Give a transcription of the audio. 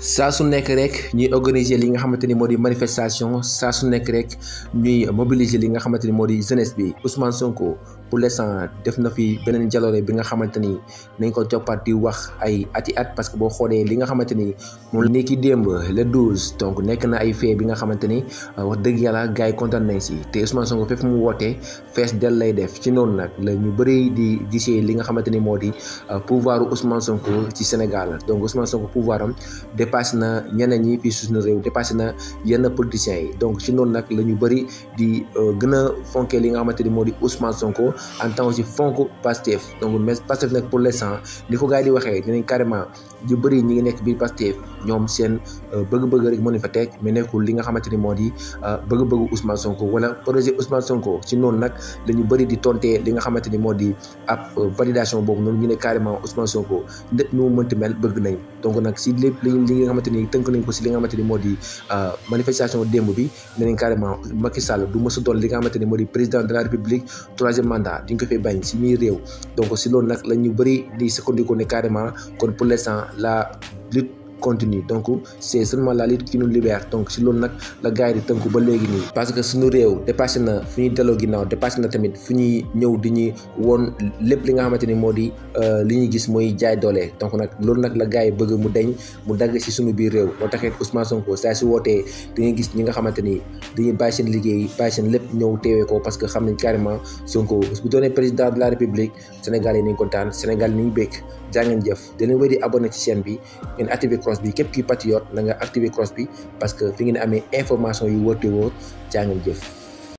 saa su nekk rek ñuy organiser li nga xamante ni moo di manifestation saa su nekk rek ñuy mobiliser li nga xamante ni moo di jeunesse bi Ousmane Sonko pour l'instant def na fi beneen jaloore bi nga xamante ni nañ ko joppaat di wax ay ati at parce que boo xoolee li nga xamante ni moom la ki démb le 12 donc nekk na ay fee bi nga xamante ni euh, wax dëgg yàlla gars yi kontaan nañ si te Ousmane Sonko fépp mu wootee fees del lay def ci noonu nag la ñu bëri di gisee li nga xamante ni moo di euh, pouvoir Ousmane ci Sénégal donc Ousmane Sonko pouvoir am na ñeneen ñi fii suñu réew dépassé na yenn politiciens yi donc ci noonu nag la ñu bëri di euh, gën a fonkee li nga xamante ni moo di Ousmane Sonko en temps aussi fonk Pastef donc mais Pastef nag pour l'instant li ko gars yi di waxee dinañ carrément ñu bëri ñi ngi nekk biir Pastef ñoom seen euh, bëgg-bëgg rek moo ñu fa teg mais li nga xamante ni moo di euh, bëgg-bëggu Ousmane Sonko wala projet Ousmane Sonko ci noonu nag la ñu bëri di tontee li nga xamante ni moo di ab euh, validation boobu ñu ne carrément Ousmane Sonko lépp nu mu mënti mel bëgg nañ donc ni tënk nañ ko si li nga moo di manifestation démb bi ne nañ carrément Macky du mës a doon li nga xamante ni moo di président de la République troisième mandat mandat duñ ko fi bañ si muy réew donc si loolu nag la ñu bëri di sukkandiku ne carrément kon pour l'instant la continuer donc c'est seulement la lutte qui nous libère donc si loolu nag la gars yi di tënku ba léegi nii parce que suñu réew dépassé na fu ñuy delloo ginnaaw dépassé na tamit fu ñuy ñëw di ñuy woon lépp li nga xamante ni moo di euh, li ñu gis mooy jaay doole donc nag loolu nag la gars yi bëgg mu deñ mu dagg si suñu biir réew moo taxit Ousmane Sonko saa si wootee di nga gis ñi nga xamante ni dañuy bàyyi seen liggéey bàyyi seen lépp ñëw teewee ko parce que xam nañ carrément Sonko bu doonee président de la République yi nañ kontaan Sénégal yi nañ bëgg jaa ngeen jëf dañu wéy di abonné bi cross bi képp kuy patriote na nga activer cross bi parce que fi ngeen amee information yu wóor te wóor jaa ngeen jëf.